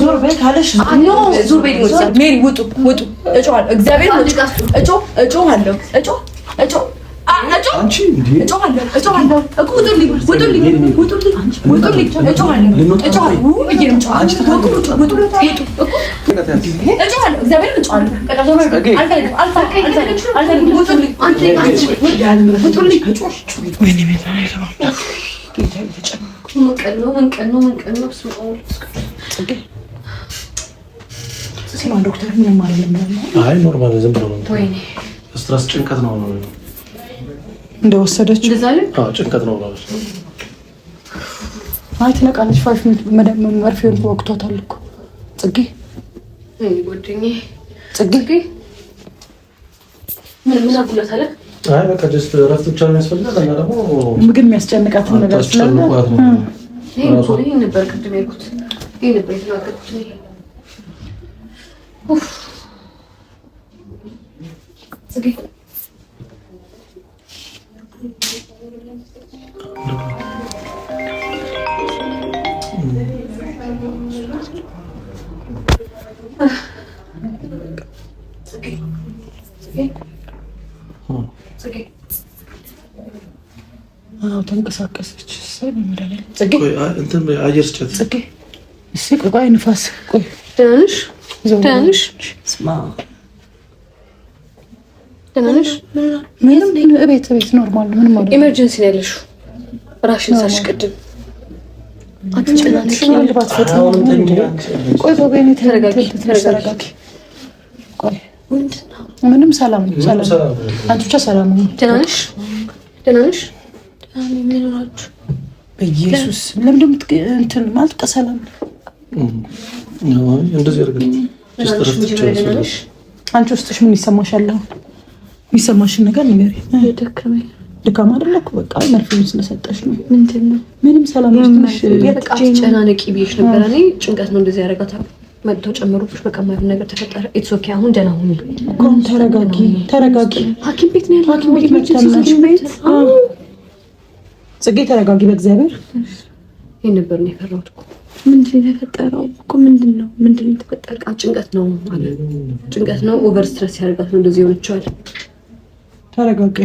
ዞር በይ ካለሽ ኖ ዞር በይ። ሜሪ ውጡ፣ ውጡ። እጮሃለሁ፣ እግዚአብሔር እጮሃለሁ፣ ጽጌ ሲማ ዶክተር ምንም አይደለም። አይ ኖርማል ዝም ብሎ ነው። ስትረስ ጭንቀት ነው ነው እንደወሰደች ጭንቀት ነው ነው። አይ ትነቃለች። ፋይፍ ሚኒት መርፌውን ወቅቷታል እኮ ጽጌ አይ በቃ ጀስት እረፍት ብቻ ነው የሚያስፈልጋት እና ደግሞ ምግብ የሚያስጨንቃት ነገር ስላለ ይህ ነበር የተናገርኩት። ተንቀሳቀሰች። አየር ስጨት ቆይ ንፋስ፣ ቆይ እቤት እቤት ኖርማል ምንም ኢመርጀንሲ ነው ያለሽው። ራሽን ሳሽ አትጨናነቂ። ምንም ሰላም አንቺ ብቻ ሰላም ነው። ደህና ነሽ? በኢየሱስ ለምን እንትን ማለት ሰላም ነው እንደዚህ አንቺ ውስጥሽ ምን ይሰማሻል? የሚሰማሽን ነገር ንገሪ። ድካም አይደለ እኮ በቃ መርፌውን ስለሰጠሽ ነው። ምንድን ነው ምንም ሰላም ጨናነቂ ብዬሽ ነበረ። እኔ ጭንቀት ነው እንደዚህ ያደርጋታል። መጥቶ ጨምሮብሽ በቃ ማይሆን ነገር ተፈጠረ። ኢትስ ኦኬ። አሁን ደህና ሁኚ። ተረጋጊ፣ ተረጋጊ። ሐኪም ቤት ነው ሐኪም ቤት ጽጌ፣ ተረጋጊ። በእግዚአብሔር ይሄን ነበር ነው የፈራሁት እኮ ምንድን ነው የተፈጠረው? እኮ ምንድን ነው ምንድን ነው የተፈጠረው? ጭንቀት ነው አለ። ጭንቀት ነው፣ ኦቨር ስትረስ ያደርጋት ነው እንደዚህ ሆነችዋል። ተረጋጋ።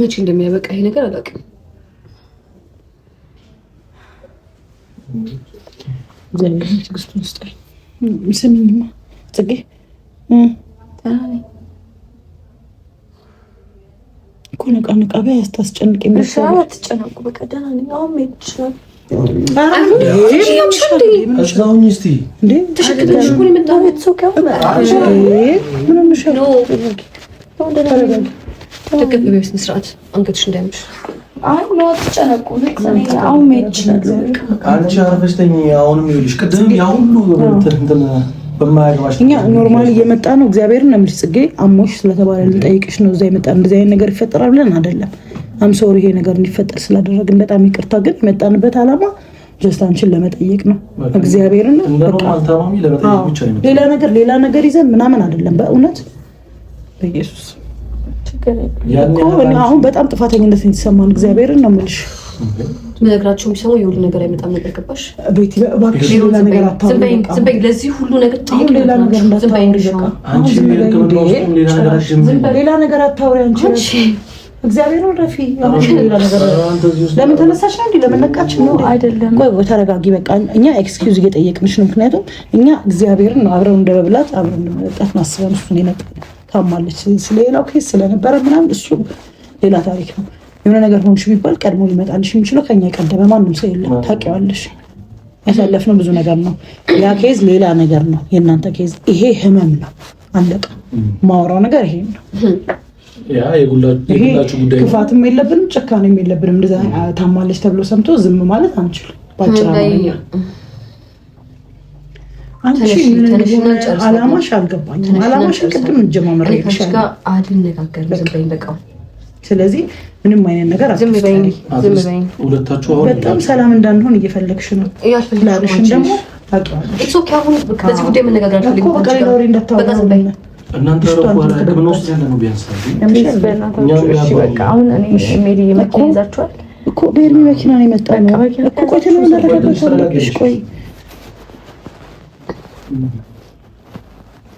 መቼ እንደሚያበቃ ይሄ ነገር አላውቅም። ትዕግስቱን ስጠኝ። ስሚኝማ ጽጌ እኮ ነቃ ነቃ በይ አስታስጨንቅ። አትጨነቁ፣ በቃ ደህና ነኝ። አሁን መሄድ ይችላል። አሁንም ይኸውልሽ ቅድም ያሁሉ እኛ ኖርማል እየመጣ ነው። እግዚአብሔርን ነው የምልሽ ጽጌ፣ አሞሽ ስለተባለ ልንጠይቅሽ ነው እዛ የመጣ እንደዚህ አይነት ነገር ይፈጠራል ብለን አይደለም። አምሶር ይሄ ነገር እንዲፈጠር ስላደረግን በጣም ይቅርታ። ግን የመጣንበት ዓላማ ጀስት አንቺን ለመጠየቅ ነው። እግዚአብሔርን ሌላ ነገር ሌላ ነገር ይዘን ምናምን አይደለም። በእውነት በኢየሱስ አሁን በጣም ጥፋተኝነት የተሰማን እግዚአብሔርን ነው የምልሽ ነገራቸው የሚሰማው የሁሉ ነገር አይመጣም ነበር። ገባሽ? ቤቲ እባክሽ ሌላ ነገር አታውሪም። ዝም ለዚህ ሁሉ ነገር ሌላ ነገር አታውሪ አንቺ። እግዚአብሔር ረፊ ለምን ተነሳሽ ነው? እንዲህ ለምን ነቃች ነው? አይደለም። ቆይ ተረጋጊ። በቃ እኛ ኤክስኪውዝ እየጠየቅንሽ ነው። ምክንያቱም እኛ እግዚአብሔርን ነው አብረን እንደመብላት አብረን እንደመጠጣት ነው አስበን። የመጣ ታማለች። ስለሌላው ኬስ ስለነበረ ምናምን እሱ ሌላ ታሪክ ነው። የሆነ ነገር ሆንሽ ቢባል ቀድሞ ሊመጣልሽ የሚችለው ከኛ የቀደመ ማንም ሰው የለም። ታውቂዋለሽ። ያሳለፍነው ብዙ ነገር ነው። ያ ኬዝ ሌላ ነገር ነው። የእናንተ ኬዝ ይሄ ህመም ነው። አለቀ። ማወራው ነገር ይሄ ነው። ክፋትም የለብንም ጭካኔም የለብንም። እንደዛ ታማለች ተብሎ ሰምቶ ዝም ማለት አንችል። ባጭራ አንቺ አላማሽ አልገባኝም። አላማሽን ቅድም እንጀማመር ይሻል ስለዚህ ምንም አይነት ነገር በጣም ሰላም እንዳንሆን እየፈለግሽ ነው። ላልሽን ደግሞ ነው እኮ ቆይ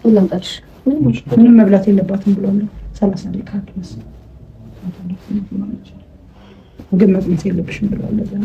አለብሽ። ቆይ ምንም መብላት የለባትም ብሎ ሰላሳ ደቂቃ ግን መቅመስ የለብሽም ብለዋል።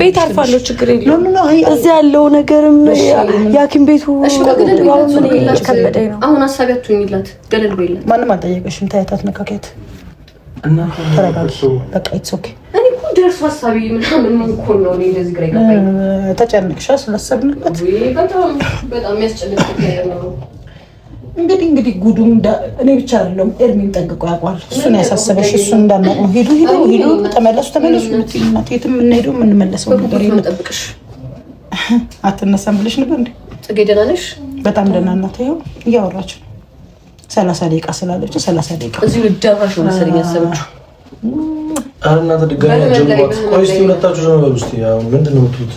ቤት አርፋለሁ። ችግር የለም። እዚህ ያለው ነገርም የሐኪም ቤቱ ከበደኝ ነው። አሁን ሀሳቢያቱ የሚላት ገለል በይላት። ማንም አልጠየቀሽም። ታያታት ነካካያት። በቃ ኢትስ ኦኬ። ደርሶ ሀሳቢ ምናምን ምንኮን ነው ስላሰብንበት በጣም የሚያስጨንቅ ነው እንግዲህ እንግዲህ ጉዱ እኔ ብቻ አይደለም ኤርሚን ጠንቅቆ ያውቋል። እሱን ያሳሰበሽ እሱን እንዳናቅ ነው። ሂዱ ሂዱ ሂዱ፣ ተመለሱ ተመለሱ። የትም የምንሄደው የምንመለሰው ነገር የለም። አትነሳም ብለሽ ነበር እንዴ? ጽጌ ደህና ነሽ? በጣም ደህና ናት። ይኸው እያወራች ነው። ሰላሳ ደቂቃ ስላለች ሰላሳ ደቂቃ እዚሁ ልዳራሽ ነው መሰለኝ ያሰበችው። እናንተ ድጋሚ ጀምሯት። ቆይ እስኪ ሁለታችሁ ምንድን ነው የምትሉት?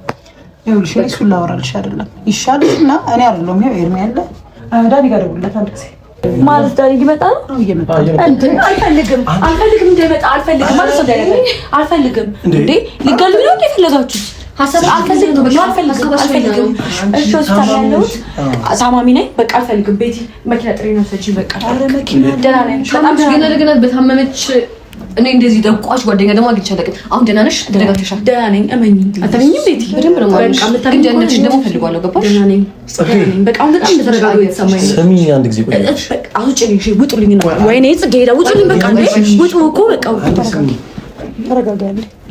ይኸውልሽ እኔ እሱን ላወራልሽ አይደለም ይሻልሽ እና እኔ አይደለሁም ያው ኤርሚ ያለ ዳኒ ጋር ደውልለት አንድ ጊዜ ማለት ዳኒ ነው እየመጣ አልፈልግም አልፈልግም አልፈልግም ማለት ሰው አልፈልግም እንዴ ነው የፈለጋችሁት ታማሚ ነኝ በቃ አልፈልግም ቤቲ መኪና ጥሪ ነው ሰጪ በቃ ደህና ነኝ በጣም ግን በታመመች እኔ እንደዚህ ደቋሽ ጓደኛ ደግሞ አግኝቼ አላውቅም። አሁን ደህና ነሽ? ተረጋግተሻል? ደህና ነኝ። እመኚኝ። አታገኝም ቤቲ በደንብ ነው ማለት ነው። ግን ደህንነትሽ ደግሞ ፈልጓለሁ። ገባሽ? ደህና ነኝ። በቃ አሁን በጣም እንደተረጋጋሁ የተሰማኝ ነው። አንድ ጊዜ ቆይ። በቃ አውጪልኝ፣ እሺ? ውጡልኝ ነው። ወይኔ ጽጌ ሄዳ ውጡልኝ። በቃ እንዴ! ውጡ እኮ በቃ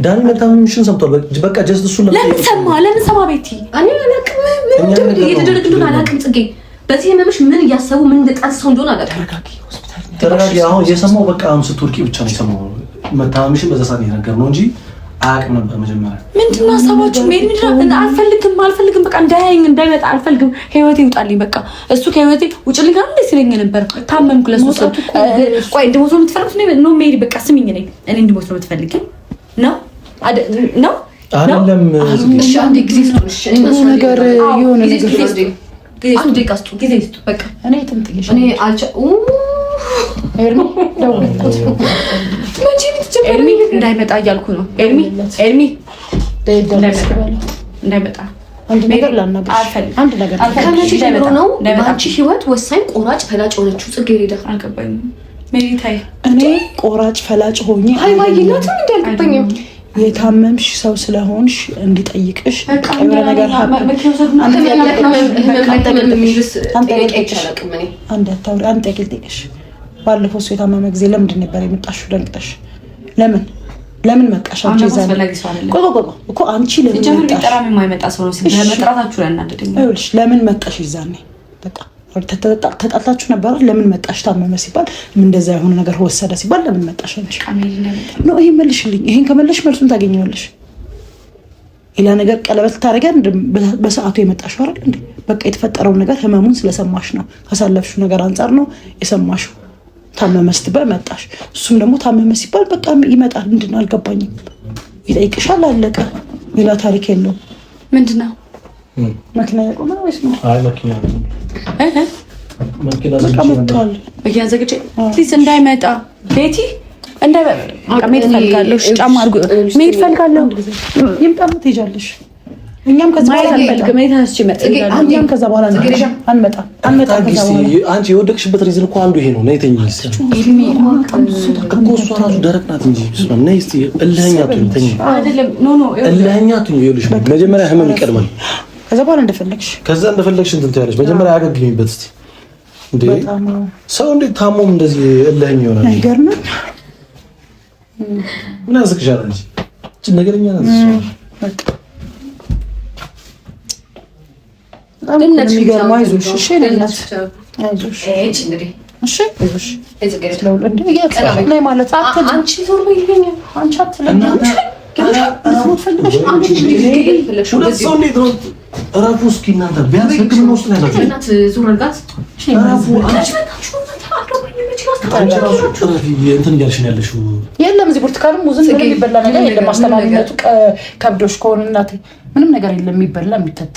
ዳኒ መታመምሽን ሰምቷል። በቃ ጀስት እሱ ለምን ሰማ? ለምን ሰማ? ቤቲ እኔ አላውቅም፣ ምን እየተደረገ እንደሆነ አላውቅም። ጽጌ በዚህ ህመምሽ ምን እያሰቡ ምን እንደጠሰው እንደሆነ አላውቅም። ተረጋጊ። አሁን የሰማው በቃ አሁን ስትወርቂ ብቻ ነው የሰማው መታመምሽን በዛ ሰዓት ነገር ነው እንጂ አያውቅም ነበር። መጀመሪያ ምንድን ነው ሀሳባችሁ? ሜሪ ምንድን አልፈልግም፣ አልፈልግም፣ በቃ እንዳያየኝ እንዳይመጣ አልፈልግም፣ ከህይወቴ ይውጣልኝ፣ በቃ እሱ ከህይወቴ ውጭልኝ ካለ ደስ ይለኝ ነበር። ታመምኩ። ለሶስት ቆይ እንድሞት ነው የምትፈልጉት? ነው ሜድ? በቃ ስሚኝ፣ ነኝ እኔ እንድሞት ነው የምትፈልጊ ነው ነው አይደለም? እሺ አንዴ ጊዜ ነገር የሆነ ነገር ጊዜ ስጡ፣ በቃ እኔ ትምጥሽ እኔ አልቻ ኤርሚ እንዳይመጣ እያልኩ ነው። ኤርሚ ኤርሚ እንዳይመጣ አንድ ነገር ላናግርሽ። አንድ ነገር ከመቼ ጀምሮ ነው በአንቺ ህይወት ወሳኝ ቆራጭ ፈላጭ የሆነችው ጽጌረዳ? እኔ ቆራጭ ፈላጭ ሆኜ አይባይላትም የታመምሽ ሰው ስለሆንሽ እንዲጠይቅሽ የሆነ ነገር ባለፈው እሱ የታመመ ጊዜ ለምንድን ነበር የመጣሽው? ደንቅጠሽ ለምን ለምን መጣሽ? አንቺ አንቺ ለምን መጣሽ? ይዛኔ በቃ ተጣልታችሁ ነበረ። ለምን መጣሽ? ታመመ ሲባል እንደዛ የሆነ ነገር ወሰደ ሲባል ለምን መጣሽ? ይሄ መልሽልኝ። ይሄን ከመለሽ መልሱን ታገኘዋለሽ። ሌላ ነገር ቀለበት ታደርጊያ በሰዓቱ የመጣሽ አይደል እንዴ? በቃ የተፈጠረውን ነገር ህመሙን ስለሰማሽ ነው። ካሳለፍሽው ነገር አንጻር ነው የሰማሽው። ታመመ ስትባይ መጣሽ። እሱም ደግሞ ታመመ ሲባል በቃ ይመጣል። ምንድን ነው አልገባኝም። ይጠይቅሻል። አለቀ። ሌላ ታሪክ የለው። ምንድን ነው መኪና ያቆመ ወይስ ነው? አይ መኪና መኪና ዘግቼ ፕሊዝ እንዳይመጣ ቤቲ እንዳይመጣ መሄድ ፈልጋለሁ። ጫማ አድርጎ መሄድ ፈልጋለሁ። ይምጣ። ትሄጃለሽ እኛም ከዛ በኋላ አንፈልግም። አንመጣም አንቺ የወደቅሽበት ሪዝን እኮ አንዱ ይሄ ነው። ነይ ተኝ እኮ እሷ ራሱ ደረቅ ናት እንጂ ነይ እስኪ እልኸኛ አትሁኝ። ተኝ እልኸኛ አትሁኝ። ይኸውልሽ መጀመሪያ ህመም ይቀድማል። ከዛ በኋላ እንደፈለግሽ ከዛ እንደፈለግሽ እንትን ትያለሽ። መጀመሪያ አገግሚበት እስኪ። እንዴ ሰው እንዴት ታሞም እንደዚህ እልኸኛ ይሆናል? አይገርምም? ምን ያስቅሻል? አንቺ ነገረኛ ናት። በጣም የሚገርመው አይዞሽ፣ እሺ ይለኛል። አይዞሽ እሺ ይለኛል የለም እዚህ ብርቱካንም ሙዝም የሚበላ ነገር የለም። አስተማሪነቱ ከብዶች ከሆነ እናቴ ምንም ነገር የለም የሚበላ የሚጠጣ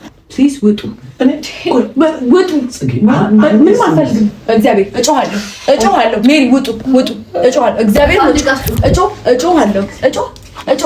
ፕሊዝ ውጡ፣ ውጡ። ምን አልፈልግም። እግዚአብሔር እጮሃለሁ፣ እጮሃለሁ። ሜሪ ውጡ፣ ውጡ። እጮሃለሁ፣ እግዚአብሔር እጮ እጮሃለሁ፣ እጮ እጮ እጮ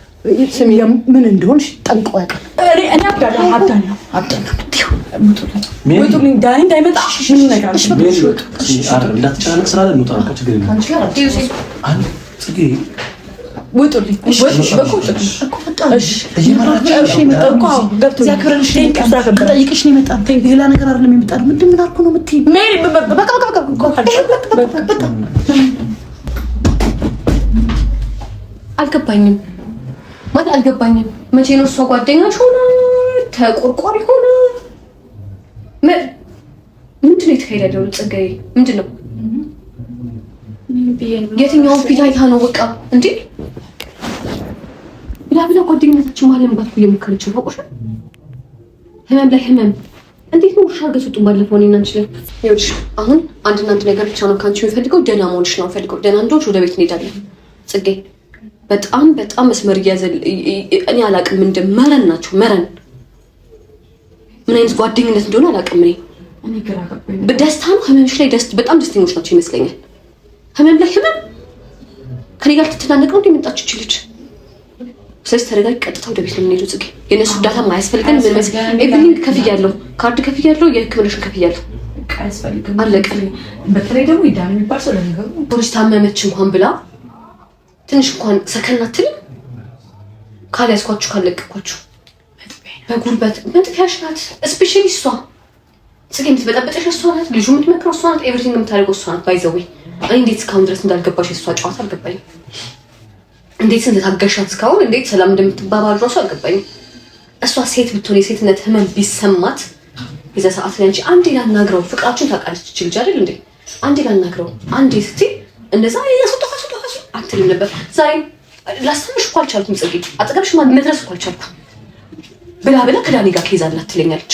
ምን እንደሆንሽ ጠንቅቆ ያውቃል። እኔ አብዳለሁ አብዳለሁ አብዳለሁ ሌላ ነገር አይደለም የመጣው። ምንድን ምን አልኩ ነው አልገባኝም። አባት አልገባኝም። መቼ ነው እሷ ጓደኛች ሆነ ተቆርቋሪ ሆነ? ምንድን ነው የተካሄደ ያለው? ጸጋዬ ምንድን ነው የትኛው ፊት አይታ ነው? በቃ እንዴ ብላ ብላ ጓደኝነታችን ማለምባት እየሞከረች ነው። ቆሻ ህመም ላይ ህመም እንዴት ነው ውሻ ገሱጡ ባለፈው እኔና እንችላል። ይኸውልሽ አሁን አንድና አንድ ነገር ብቻ ነው ከአንቺ የሚፈልገው ደህና መሆንሽ ነው ፈልገው። ደህና እንደሆንሽ ወደ ቤት እንሄዳለን ጽጌ በጣም በጣም መስመር እያዘል እኔ አላቅም። እንደ መረን ናቸው መረን ምን አይነት ጓደኝነት እንደሆነ አላቅም። እኔ በደስታ ነው ህመምሽ ላይ ደስ በጣም ደስተኞች ናቸው ይመስለኛል። ህመም ላይ ህመም ከኔ ጋር ትተናነቅ ነው እንደመጣችሁ ይችልች። ስለዚህ ተረጋጊ። ቀጥታ ወደ ቤት ነው የምንሄደው። ጽጌ የእነሱ እርዳታ ማያስፈልገን ምን መስ ኤቭሪንግ ከፍያለሁ፣ ካርድ ከፍያለሁ፣ የህክምናሽን ከፍያለሁ። አለቀ። በተለይ ደግሞ ይዳን የሚባል ሰው ለነገሩ ታመመች እንኳን ብላ ትንሽ እንኳን ሰከናትል አትልም። ካልያዝኳችሁ ካልለቀኳችሁ በጉልበት መጥፊያሽ ናት። እስፔሻሊ እሷ ስ የምትበጣበጠሽ እሷ ናት። ልጁ የምትመክረው እሷ ናት። ኤቭሪቲንግ የምታደርገው እሷ ናት። ባይዘዌ እኔ እንዴት እስካሁን ድረስ እንዳልገባሽ የእሷ ጨዋታ አልገባኝም። እንዴት እንደታገሻት እስካሁን እንዴት ሰላም እንደምትባባሉ ራሱ አልገባኝም። እሷ ሴት ብትሆን የሴትነት ህመም ቢሰማት የዛ ሰዓት ላይ አንቺ አንዴ ላናግረው፣ ፍቅራችሁን ታውቃለች ልጅ አይደል እንዴ? አንዴ ላናግረው፣ አንዴ ስትይ እንደዛ ያሱ አትልም ነበር። ዛሬ ላስተምሽ እኮ አልቻልኩም፣ ፅጌ አጠገብሽ መድረስ እኮ አልቻልኩም ብላ ብላ ከዳኒ ጋር ኬዝ አላት ትለኛለች።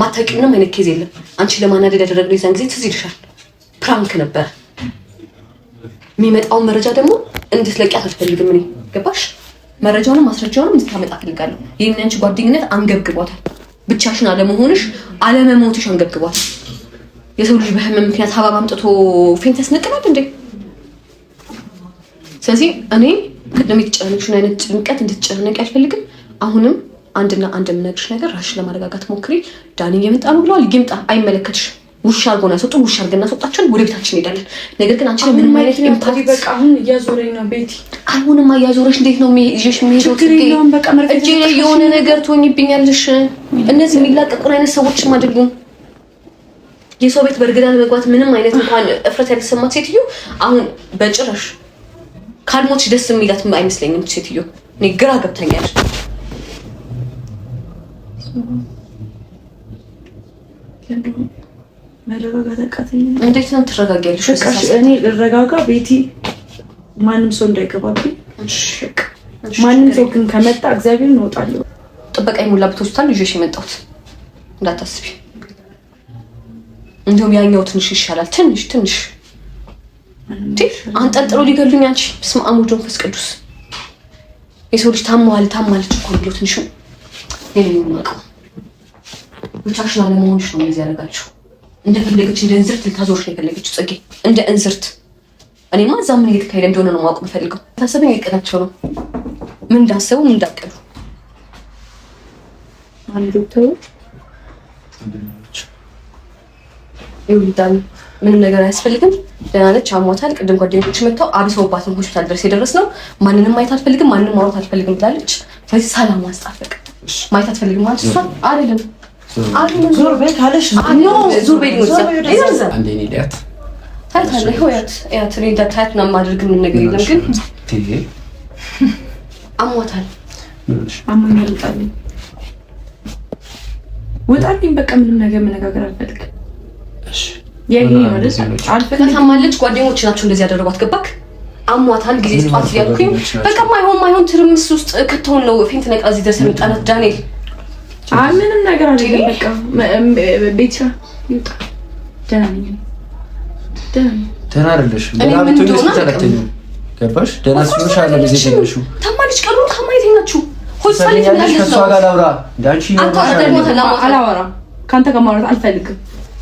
ማታውቂው ምንም አይነት ኬዝ የለም። አንቺ ለማናደድ ያደረግነው የዛን ጊዜ ትዝ ይልሻል፣ ፕራንክ ነበር። የሚመጣውን መረጃ ደግሞ እንድትለቂያት አልፈልግም እኔ ገባሽ? መረጃውንም ማስረጃውንም እንድታመጣ እፈልጋለሁ። ይህን አንቺ ጓደኝነት አንገብግቧታል። ብቻሽን አለመሆንሽ አለመሞትሽ አንገብግቧታል። የሰው ልጅ በህመም ምክንያት ሀባብ አምጥቶ ፌንተስ ንቅናል እንዴ? ስለዚህ እኔ ቅድም የተጨነቅሽን አይነት ጭንቀት እንድትጨነቅ አልፈልግም። አሁንም አንድና አንድ የምነግርሽ ነገር ራስሽን ለማረጋጋት ሞክሪ። ዳኒ እየመጣ ነው ብለዋል። ይምጣ፣ አይመለከትሽም። ውሻ አድርጎና ሰጡ ውሻ አድርገና ሰጣቸውን ወደ ቤታችን እንሄዳለን። ነገር ግን አንቺ ምንም አይነት ኢምፓክት በቃ አሁን እያዞረኝ ነው ቤቲ። አሁንማ እያዞረሽ እንዴት ነው ይዤሽ የሚሄደው? እጄ ላይ የሆነ ነገር ትሆኝብኛለሽ። እነዚህ የሚላቀቁን አይነት ሰዎችም አይደሉም። የሰው ቤት በእርግዳ መግባት ምንም አይነት እንኳን እፍረት ያልተሰማት ሴትዮ አሁን በጭራሽ ካልሞች ደስ የሚላት አይመስለኝም ሴትዮ። እኔ ግራ ገብተኛል። እንዴት ነው ትረጋጊያለሽ? እኔ እረጋጋ ቤቲ፣ ማንም ሰው እንዳይገባብኝ። ማንም ሰው ግን ከመጣ እግዚአብሔር እንወጣለሁ። ጥበቃ የሞላበት ሆስፒታል ልጆች የመጣሁት እንዳታስቢ። እንዲሁም ያኛው ትንሽ ይሻላል። ትንሽ ትንሽ አንጠልጥሎ ሊገሉኝ አንቺ ስም አሙድ መንፈስ ቅዱስ የሰው ልጅ ታማዋል ታማለች እኮ ብሎ ትንሹ የኔን ማቀው ብቻሽን አለመሆንሽ ነው እንደዚህ ያደረጋችሁ። እንደፈለገች እንደ እንዝርት ልታዞርሽ ነው የፈለገችው ጽጌ፣ እንደ እንዝርት። እኔማ እዛ ምን እየተካሄደ እንደሆነ ነው ማወቅ የምፈልገው። ታሰበኝ የቀናቸው ነው ምን እንዳሰቡ ምን እንዳቀዱ አንዱ ተው ይውልታል ምንም ነገር አያስፈልግም። ደህና ነች፣ አሟታል። ቅድም ጓደኞች መጥተው አብሰውባትን ሆስፒታል ድረስ የደረስ ነው። ማንንም ማየት አትፈልግም፣ ማንንም ማውራት አትፈልግም ብላለች። ስለዚህ ሰላም ማስጣፈቅ ማየት አትፈልግም ማለት እሷ አይደለም። አሟታል። አሞኛል። በቃ ምንም ነገር መነጋገር አልፈልግም። ከተማ ጓደኞች ናቸው እንደዚህ ያደረጓት። ገባክ? አሟታል ጊዜ ስጧት እያልኩኝ በቃ ማይሆን ማይሆን ትርምስ ውስጥ ከተውን ነው ፌንት ነቃ እዚህ ደርሰን የምጣናት ዳንኤል። አይ ምንም ነገር አይደለም። በቃ ቤት ደህና ነኝ። ደህና ደህና ብትሆኚ ገባሽ? ደህና ሲሆንሽ አለ ጊዜ ናችሁ ሆስፒታል ይተናለሽ ከሷ ጋር ጋር ማውራት አልፈልግም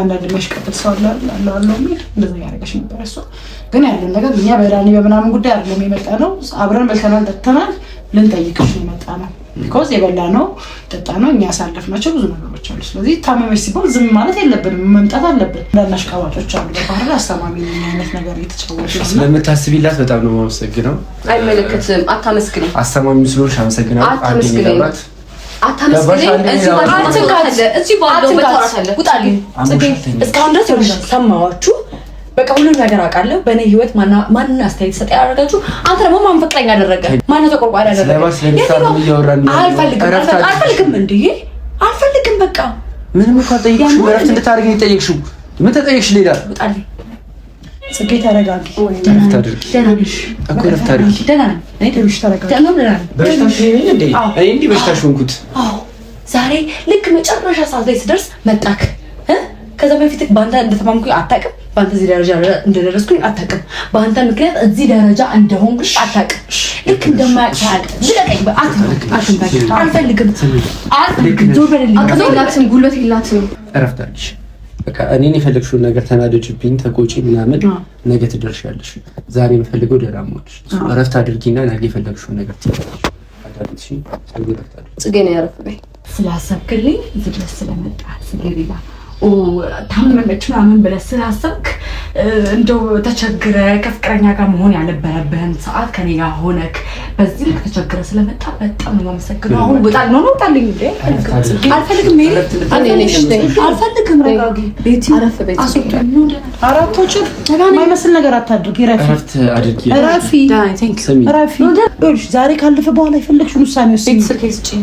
አንዳንድ የሚያሽቀብጥ ሰው አለው አለው እንደዛ ያደረገች ነበር። እሷ ግን ያለን ነገር እኛ በዳኒ በምናምን ጉዳይ አይደለም የመጣ ነው። አብረን በልተናል፣ ጠጥተናል፣ ልንጠይቅሽ የመጣ ነው። ቢኮዝ የበላ ነው ጠጣ ነው እኛ ያሳለፍ ናቸው ብዙ ነገሮች አሉ። ስለዚህ ታመመች ሲባል ዝም ማለት የለብንም መምጣት አለብን። አንዳንድ አሽቃባጮች አሉ በባህር አስተማሚ አይነት ነገር እየተጫወቱ ስለምታስቢላት በጣም ነው የማመሰግነው። አይመለከትም። አታመስግን። አስተማሚ ስለሆንሽ አመሰግናለሁ። አታመስግን አታመስግኝ። እዚህ ባለው በቃ ሁሉም ነገር አውቃለሁ። በእኔ ህይወት ማንን አስተያየት ሰጠ ያደረጋችሁ? አንተ ደግሞ ማን ፍቅረኛ ያደረገ? ማነው ተቆርቋሪ ያደረገ? አልፈልግም፣ አልፈልግም። በቃ ምንም እንኳን ሌላ? ጽጌ ተረጋጊ። እረፍት አድርጊ እንዲህ በሽታሽ ሆንኩት ዛሬ ልክ መጨረሻ ሰዓት ላይ ስደርስ መጣክ። ከዛ በፊት በአንተ እንደተማምኩኝ አታውቅም። በአንተ እዚህ ደረጃ እንደደረስኩኝ አታውቅም። በአንተ ምክንያት እዚህ ደረጃ እንደሆንኩኝ አታውቅም። ልክ እንደማያውቅ ጉልበት የላትም። እረፍት አድርጊ በቃ እኔን የፈለግሽውን ነገር ተናደጅብኝ ተቆጪ ምናምን ነገ ትደርሻለሽ። ዛሬ የምፈልገው ደራሞች ሆንሽ፣ እረፍት አድርጊና ነገ የፈለግሽውን ነገር ጽጌ ነው ያረፍበኝ ስላሰብክልኝ ዝግጅት ስለመጣ ታመመች ምናምን ብለህ ስላሰብክ እንደው ተቸግረ ከፍቅረኛ ጋር መሆን ያልነበረብህን ሰዓት ከኔ ጋር ሆነክ በዚህ ልክ ተቸግረ ስለመጣ በጣም ነው የማመሰግነው። አሁን ወጣ ነው ነው ጣልኝ አልፈልግም፣ አልፈልግም። ቤቲ አረፍ የማይመስል ነገር አታድርግ። ረፊ ረፊ ዛሬ ካለፈ በኋላ የፈለግሽውን ውሳኔ ወስኝ ቤት ስልክ ስጪኝ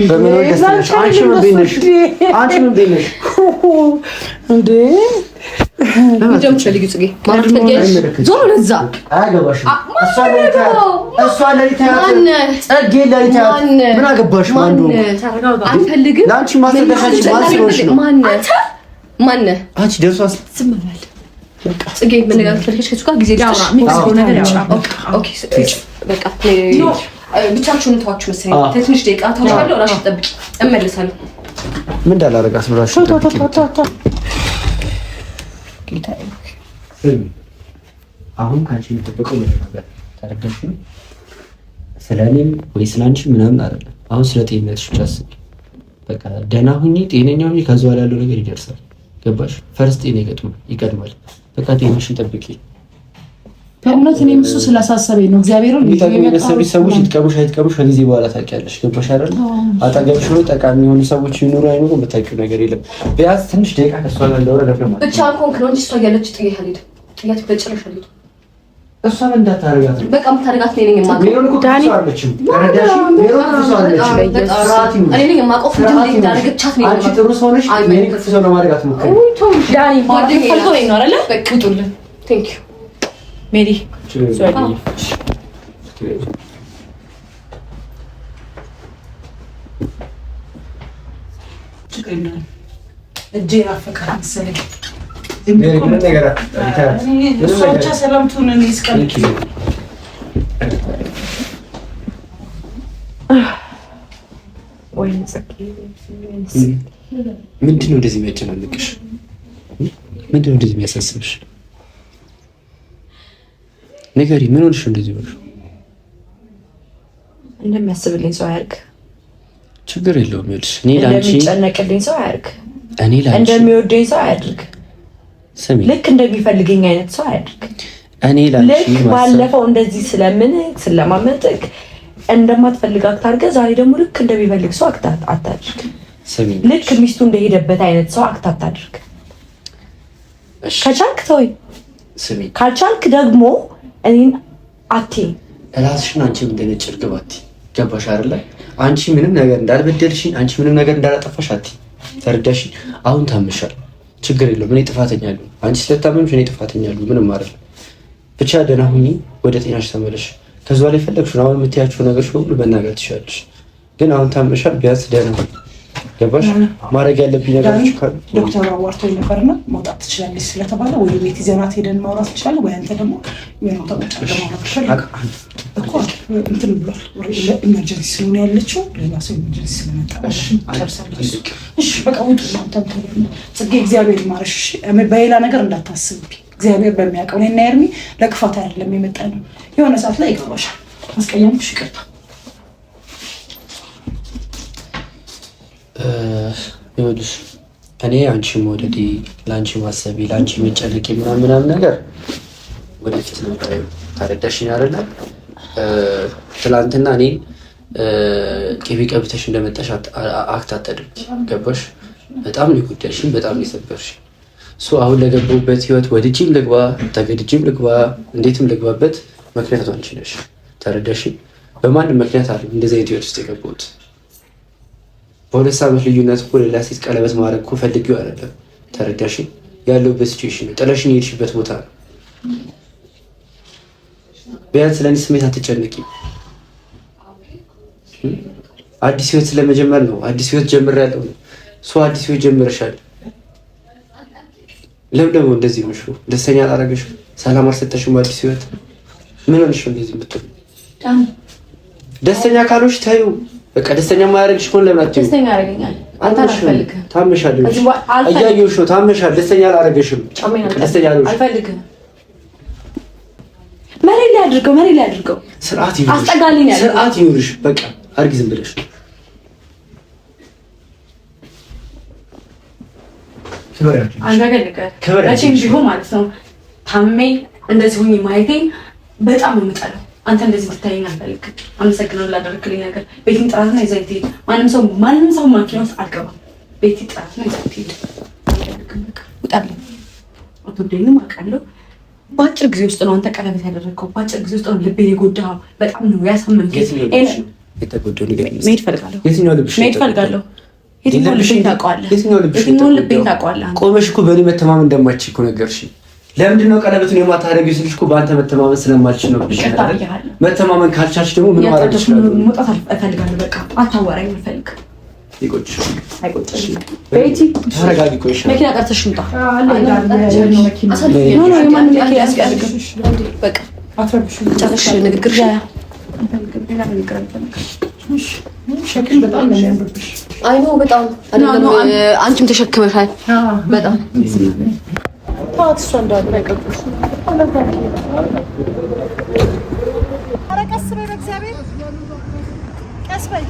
በምን ጽጌ ማለት ፈልገሽ ዞሮ ጋር ጊዜ ዳራ ነገር ያውራ ኦኬ በቃ ብቻችሁን ተዋችሁ መሰለኝ። ትንሽ ደቂቃ ተዋችኋለሁ። እራስሽ ጠብቂ፣ እመለሳለሁ። ምን እንዳላረጋት ብላሽ አሁን ከአንቺ የሚጠበቀው መነጋገር ታደርገሽ ስለ እኔም ወይ ስለ አንቺ ምናምን አይደለም። አሁን ስለ ጤንነትሽ ብቻ አስቢ። በቃ ደህና ሁኚ፣ ጤነኛ ሁኚ። ከዛ ያለው ነገር ይደርሳል። ገባሽ? ፈርስት ጤና ይቀድማል። በቃ ጤናሽን ጠብቂ። ከእውነት እኔም እሱ ስላሳሰበኝ ነው። እግዚአብሔርን የመሰሉት ሰዎች ይጥቀሙሽ አይጥቀሙሽ ከጊዜ በኋላ ታውቂያለሽ። ገባሽ አይደል? አጠገብሽ ሆኖ ጠቃሚ የሆኑ ሰዎች ይኑሩ አይኑሩ የምታውቂው ነገር የለም። ቢያንስ ትንሽ ደቂቃ ከእሷ ጋር ላውራ ደፍረ ማለት ብቻ ኮንክ ነው እንጂ እሷ እያለች ጥያት አልሄድም። ጥያት በጭራሽ አልሄድም። እሷን እንዳታረጋት ነው በቃ የምታረጋት ነው። ነው Melih. Söyle. Çıkayım ben. Cirafe kanseri. Bene, bene, grazie. Sonuçta selam turneni iskan. ምንድን ነው እንደዚህ የሚያጨናንቅሽ? ምንድን ነው እንደዚህ የሚያሳስብሽ? ንገሪ፣ ምን ሆንሽ? እንደዚህ ሆንሽ? እንደሚያስብልኝ ሰው አያርግ። ችግር የለውም። ይኸውልሽ እኔ ላንቺ እንደሚጨነቅልኝ ሰው አያርግ። እኔ ላንቺ እንደሚወደኝ ሰው አያድርግ። ስሚ፣ ልክ እንደሚፈልገኝ አይነት ሰው አያድርግ። እኔ ላንቺ ልክ ባለፈው እንደዚህ ስለምን ስለማመጥክ እንደማትፈልግ አክታርገ ዛሬ ደግሞ ልክ እንደሚፈልግ ሰው አክታት አታድርግ። ስሚ፣ ልክ ሚስቱ እንደሄደበት አይነት ሰው አክታት አታድርግ። ከቻልክ ተወኝ፣ ካልቻልክ ደግሞ እኔን አቴ ራስሽን አንቺም እንደ እርግብ አቴ ገባሽ አይደለ? አንቺ ምንም ነገር እንዳልበደልሽኝ፣ አንቺ ምንም ነገር እንዳላጠፋሽ አቴ ተረዳሽኝ። አሁን ታምሻል፣ ችግር የለውም እኔ ጥፋተኛ አለሁ። አንቺ ስለታመምሽ እኔ ጥፋተኛ አለሁ። ምንም ማለት ብቻ ደህና ሁኚ፣ ወደ ጤናሽ ተመለሽ። ከዛ ላይ ፈለግሽ አሁን የምትያቸው ነገሮች በሙሉ መናገር ትችላለሽ፣ ግን አሁን ታምሻል። ቢያንስ ደህና ሁኚ። ገባሽ? ማድረግ ያለብኝ ነገሮች ዶክተሩ አዋርቶኝ ነበርና መውጣት ትችላለች ስለተባለ ወይ ቤት ይዘናት ሄደን ማውራት ትችላለ፣ ወይ አንተ ደግሞ የሆነ ተቆጫ ማውራት ትፈልግ እኮ እንትን ብሏል። ኢመርጀንሲ ስለሆነ ያለችው ሌላ ሰው ኢመርጀንሲ ስለመጣ ጨርሳለች። እሺ በቃ ውጡ ናንተም ጽጌ፣ እግዚአብሔር ይማረሽ። በሌላ ነገር እንዳታስብ፣ እግዚአብሔር በሚያውቀው እኔና ኤርሚ ለክፋት አይደለም የመጣ ነው። የሆነ ሰዓት ላይ ይገባሻል። አስቀየምኩሽ፣ ይቅርታ ይኸውልሽ እኔ አንቺ መውደዴ፣ ለአንቺ ማሰቤ፣ ለአንቺ መጨነቄ ምናምን ምናምን ነገር ወደፊት ነው የምታየው። ታረዳሽኝ አይደለ? ትላንትና እኔ ቅቤ ቀብተሽ እንደመጣሽ አክት አታድርጊ። ገባሽ? በጣም ነው የጎዳሽኝ፣ በጣም ነው የሰበርሽኝ። እሱ አሁን ለገባሁበት ህይወት ወድጄም ልግባ ተገድጄም ልግባ እንዴትም ልግባበት ምክንያቱ አንቺ ነሽ። ተረዳሽኝ? በማንም ምክንያት አይደለም እንደዚህ አይነት ህይወት ውስጥ የገባሁት በሁለት ሳምንት ልዩነት እኮ ሌላ ሴት ቀለበት ማድረግ እኮ ፈልጌው አይደለም። ተረዳሽን? ያለሁበት ሲቹዌሽን ነው። ጥለሽን የሄድሽበት ቦታ ነው። ቢያንስ ለእኔ ስሜት አትጨነቂ። አዲስ ህይወት ስለመጀመር ነው። አዲስ ህይወት ጀምሬያለሁ ነው። ሰው አዲስ ህይወት ጀምረሻል። ለምን ደግሞ እንደዚህ ምሹ ደስተኛ አላረገሽ? ሰላም አልሰጠሽም? አዲስ ህይወት ምን ሆንሽ? እንደዚህ ምትሉ ደስተኛ ካልሆንሽ ታዩ በቃ ደስተኛ ማያደርግሽ ከሆነ ለምን አትይው? ደስተኛ ያደርገኛል። ታመሻል፣ ደስተኛ አላደረገሽም። ደስተኛ መሬት ላይ አድርገው፣ መሬት ላይ አድርገው። ስርዓት ይኑርሽ። በቃ አድርጊ ዝም ብለሽ ማለት ነው። ታሜ እንደዚህ ሁኝ ማየቴ በጣም የምጠላው አንተ እንደዚህ ትታየኝ አልፈልግም። አመሰግናለሁ ላደረክልኝ ነገር። ቤቲን ጥራትና ይዘህ ትሄድ። ማንም ሰው ማንም ሰው ማኪና ውስጥ አልገባም። ቤቲ ጥራትና ይዘህ ትሄድ። ውጣልኝ። አትወደኝም አውቃለሁ። በአጭር ጊዜ ውስጥ ነው አንተ ቀለበት ያደረግከው። በአጭር ጊዜ ውስጥ ነው ልቤ የጎዳኸው። በጣም ነው ያሳመንከኝ። መሄድ እፈልጋለሁ። መሄድ እፈልጋለሁ። የትኛውን ልቤን ታውቀዋለህ? የትኛውን ልቤን ቆመሽ እኮ በእኔ መተማመን እንደማትችል እኮ ነገርሽኝ ለምንድን ነው ቀለበትን የማታደርጊው ስልሽ እኮ በአንተ መተማመን ስለማልችል ነው ብለሽ መተማመን ካልቻልሽ ደግሞ ምን ማድረግ ነው? መውጣት እፈልጋለሁ። በቃ አታወራኝ። ፈልግ በጣም አንቺም ተሸክመሻል በጣም ታክስ እንዳለ አይቀጥልሽ። ቀስ በይ በእግዚአብሔር ቀስ በይ።